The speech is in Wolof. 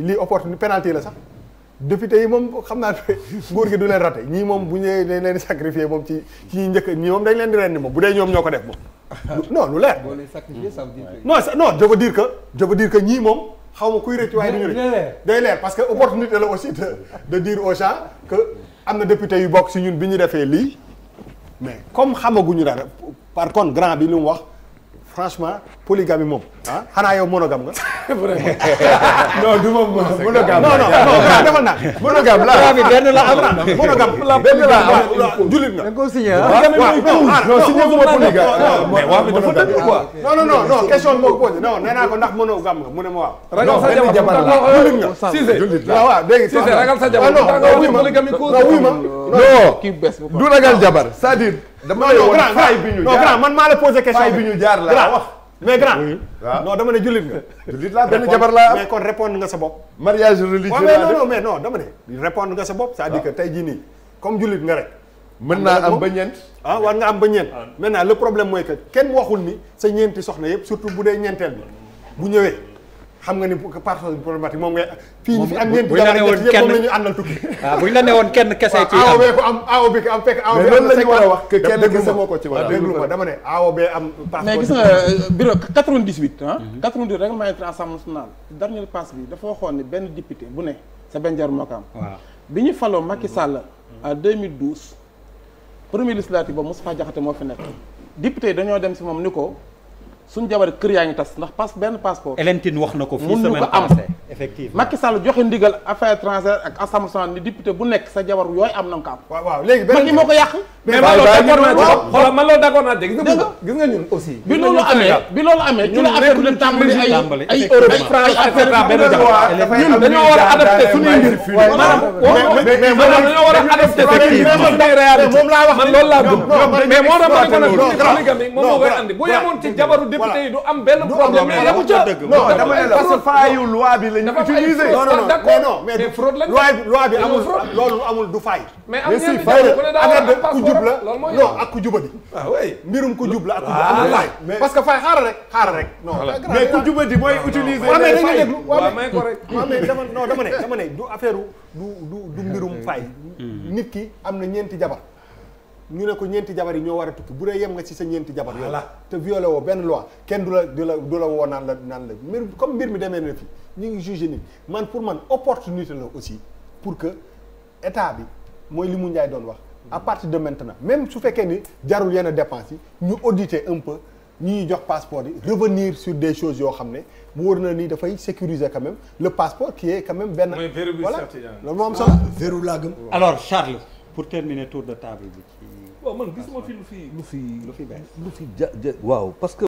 lii opportunité penalty la sax député yi moom xam naa nguur gi du leen raté ñii moom bu ñëwee dañ leen moom ci ci ñi njëkk ñii moom dañ leen di rendi moom bu dee ñoom ñoo ko def moom non lu leer non non je veux dire que je veux dire que ñii ñu am na député yu bokk si ñun bi ñu defee lii mais comme xamaguñu dara par contre grand bi lu mu wax franchement polygamie moom ah xanaa yow monogame nga. vraiment non du moom monogame. non non non defal naa. monogame la bi benn la am na. monogame la benn la am jullit nga. da nga koo signé ah. ah non signé ko ma polygame. mais waaw dafa dëgg quoi. non non non non question bi ma ko posé non nee naa ko ndax monogame nga mu ne ma waaw. ragal sa jabar jabar la jullit nga. jullit la waaw waaw dégg nga. ragal sa jabar non non wuy ma non non du ragal jabar c'est-à-dire. dama ne bi ñu jaar non grand man maa la bi ñu jaar la wax mais grand. non dama ne jullit nga. jullit laa benn jabar laa mais kon répondre nga sa bopp. mariage religieux mais non mais non dama nga sa bopp cest à tey jii nii comme jullit nga rek. mën naa am ba ñeent. ah war nga am ba ñeent. maintenant le problème mooy que kenn waxul ni sa ñeenti soxna yëpp surtout bu dee ñeenteel bi bu ñëwee. xam nga ni partage bi problématique moom ngay. fii ak ñeent bi dara ñett a wax que kenn a ah, déglu ma dama ne euh, mhm. passe bi dafa waxoon ne benn député bu ne sa benn jar moo ko am. waaw bi ñu faloo Macky mhm. Sall. en 2012. premier législative boobu Moustapha Diakhaté moo fi nekk. député dañoo dem si moom ni ko. suñ jabar kër yaa ngi tas ndax pass benn passeport. Hélène Tine wax na ko. fii semaine passée effectivement Macky Sall joxe ndigal affaires étrangères ak assemblée nationale ni député bu nekk sa jabar yooyu am na nga ko am. waaw waaw léegi benn Macky moo ko yàq. mais man loolu d'accord naa ci xoolal man loolu d'accord naa dégg nga gis nga ñun aussi. bi loolu amee bi loolu amee ci la affaire bi tàmbali ay ay euro ay franc ay affaire ñun dañoo war a adapté suñuy mbir fii maanaam maanaam dañoo war a adapté moom laa wax man loolu laa gëm mais moo tax ma ne ko nag polygami moom moo koy andi bu yemoon ci jabaru député yi du am benn problème mais yemu ca parce que faayu loi bi dafa am ay non non non mais du fraude lañ loi bi amul du fay. mais am si fay ku jub la non ah, ah, parce que fay xaaral rek xaaral rek. non mais ku jubadi mooy utiliser. waaw mais dañuy déglu waaw mais du affaire du hmm. nit ki am na ñeenti jabar. ñu ne ko ñeenti jabar yi ñoo war a tukki bu dee yem nga ci sa ñeenti jabar yooyu te violé woo benn loi kenn du la du la du la woo naan la naan la mbir comme mbir mi demee na fi ñu ngi jugé nit man pour man opportunité la aussi pour que état bi mooy li mu Ndiaye doon wax à partir de maintenant même su fekkee ni jarul yenn dépense yi ñu auditer un peu ñi ñuy jox passeport yi revenir sur des choses yoo xam ne mu wóor na ni dafay sécuriser quand même le passeport qui est même benn voilà loolu moo am solo verrou laa alors Charles pour terminer tour de table bi ci. waaw man gisuma fi lu fi lu fi. lu fi bees lu fi ja ja waaw parce que.